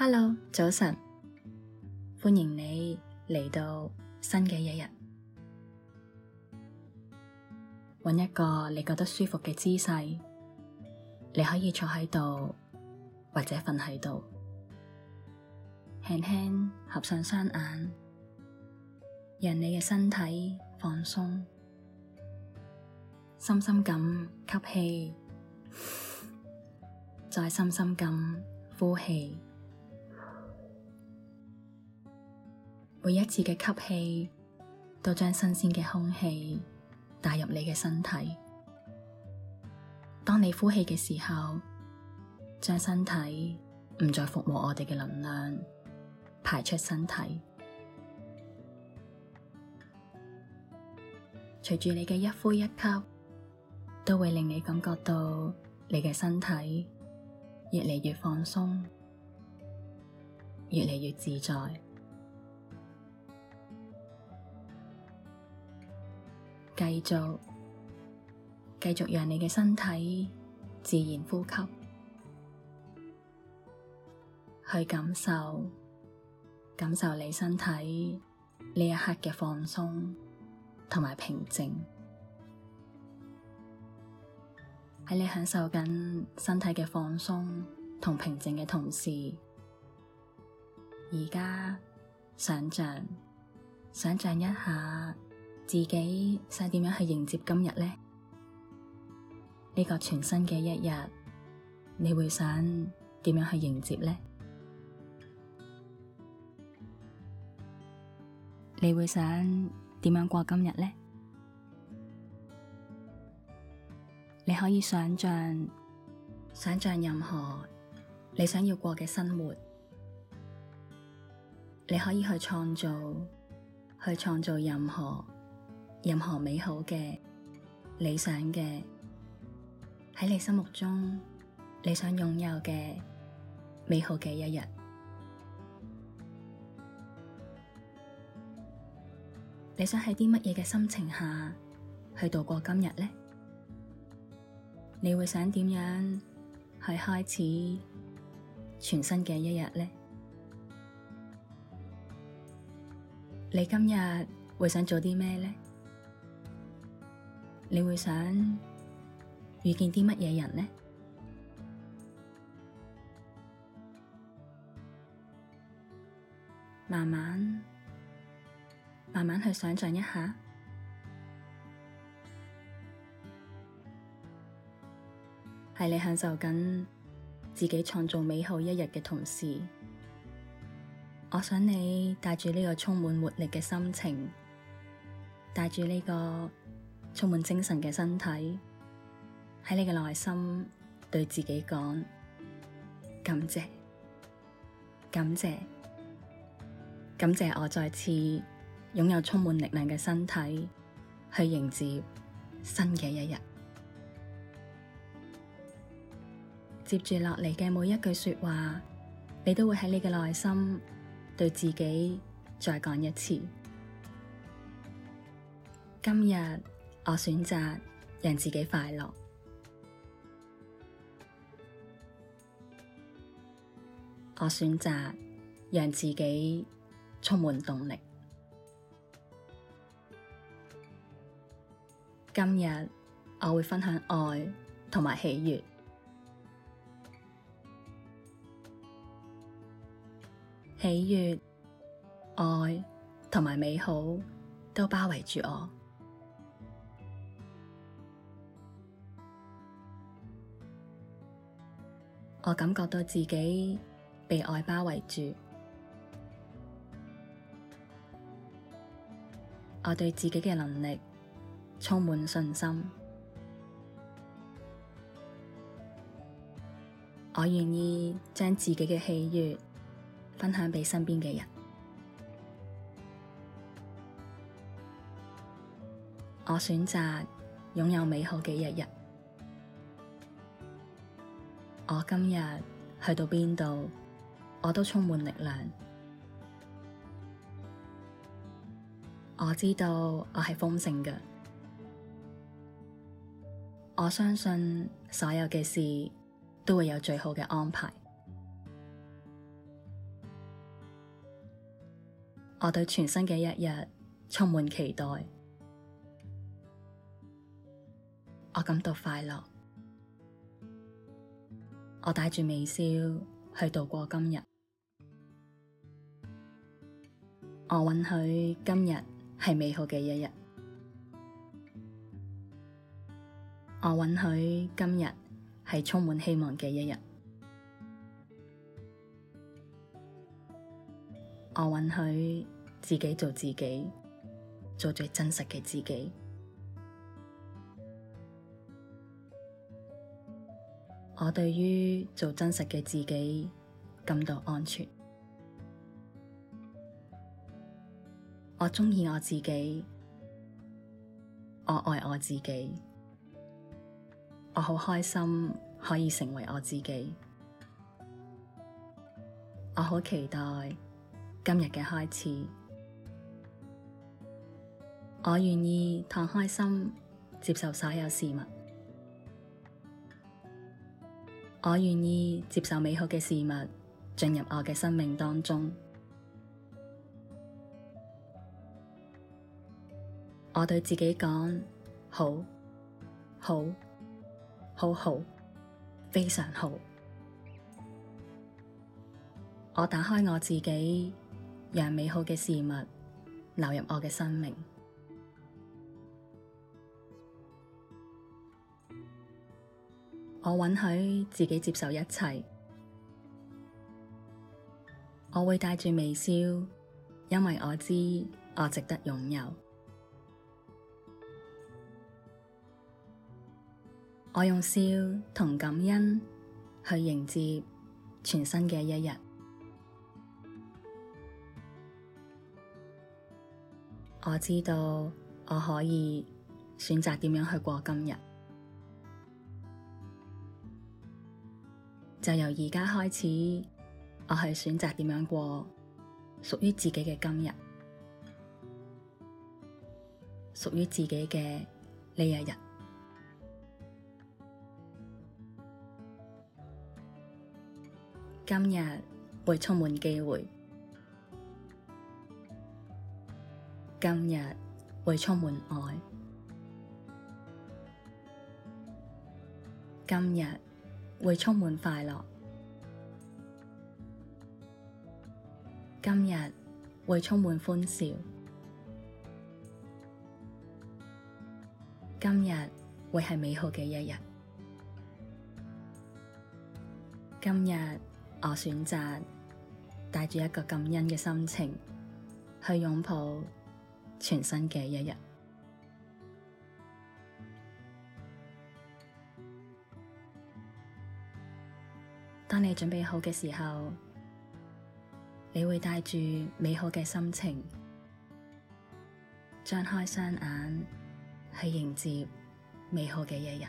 Hello，早晨，歡迎你嚟到新嘅一日。揾一個你覺得舒服嘅姿勢，你可以坐喺度或者瞓喺度，輕輕合上雙眼，讓你嘅身體放鬆，深深咁吸氣，再深深咁呼氣。每一次嘅吸氣，都將新鮮嘅空氣帶入你嘅身體。當你呼氣嘅時候，將身體唔再服務我哋嘅能量，排出身體。隨住你嘅一呼一吸，都會令你感覺到你嘅身體越嚟越放鬆，越嚟越自在。繼續，繼續，讓你嘅身體自然呼吸，去感受，感受你身體呢一刻嘅放鬆同埋平靜。喺你享受緊身體嘅放鬆同平靜嘅同時，而家想象，想象一下。自己想點樣去迎接今日呢？呢個全新嘅一日，你會想點樣去迎接呢？你會想點樣過今日呢？你可以想象，想象任何你想要過嘅生活，你可以去創造，去創造任何。任何美好嘅理想嘅，喺你心目中，你想擁有嘅美好嘅一日，你想喺啲乜嘢嘅心情下去度過今日咧？你會想點樣去開始全新嘅一日咧？你今日會想做啲咩咧？你會想遇見啲乜嘢人呢？慢慢慢慢去想象一下，係你享受緊自己創造美好一日嘅同時，我想你帶住呢個充滿活力嘅心情，帶住呢個。充滿精神嘅身體喺你嘅內心對自己講，感謝，感謝，感謝我再次擁有充滿力量嘅身體去迎接新嘅一日。接住落嚟嘅每一句說話，你都會喺你嘅內心對自己再講一次，今日。我選擇讓自己快樂，我選擇讓自己充滿動力。今日我會分享愛同埋喜悅，喜悅、愛同埋美好都包圍住我。我感覺到自己被愛包圍住，我對自己嘅能力充滿信心，我願意將自己嘅喜悦分享俾身邊嘅人，我選擇擁有美好嘅日日。我今日去到邊度，我都充滿力量。我知道我係豐盛嘅，我相信所有嘅事都會有最好嘅安排。我對全新嘅一日充滿期待，我感到快樂。我帶住微笑去度過今日，我允許今日係美好嘅一日，我允許今日係充滿希望嘅一日，我允許自己做自己，做最真實嘅自己。我對於做真實嘅自己感到安全。我鍾意我自己，我愛我自己，我好開心可以成為我自己。我好期待今日嘅開始。我願意敞開心，接受所有事物。我願意接受美好嘅事物進入我嘅生命當中。我對自己講：好，好，好好，非常好。我打開我自己，讓美好嘅事物流入我嘅生命。我允許自己接受一切，我會帶住微笑，因為我知我值得擁有。我用笑同感恩去迎接全新嘅一日。我知道我可以選擇點樣去過今日。就由而家開始，我係選擇點樣過屬於自己嘅今日，屬於自己嘅呢一日。今日會充滿機會，今日會充滿愛，今日。會充滿快樂，今日會充滿歡笑，今日會係美好嘅一日，今日我選擇帶住一個感恩嘅心情去擁抱全新嘅一日。當你準備好嘅時候，你會帶住美好嘅心情，張開雙眼，去迎接美好嘅一日。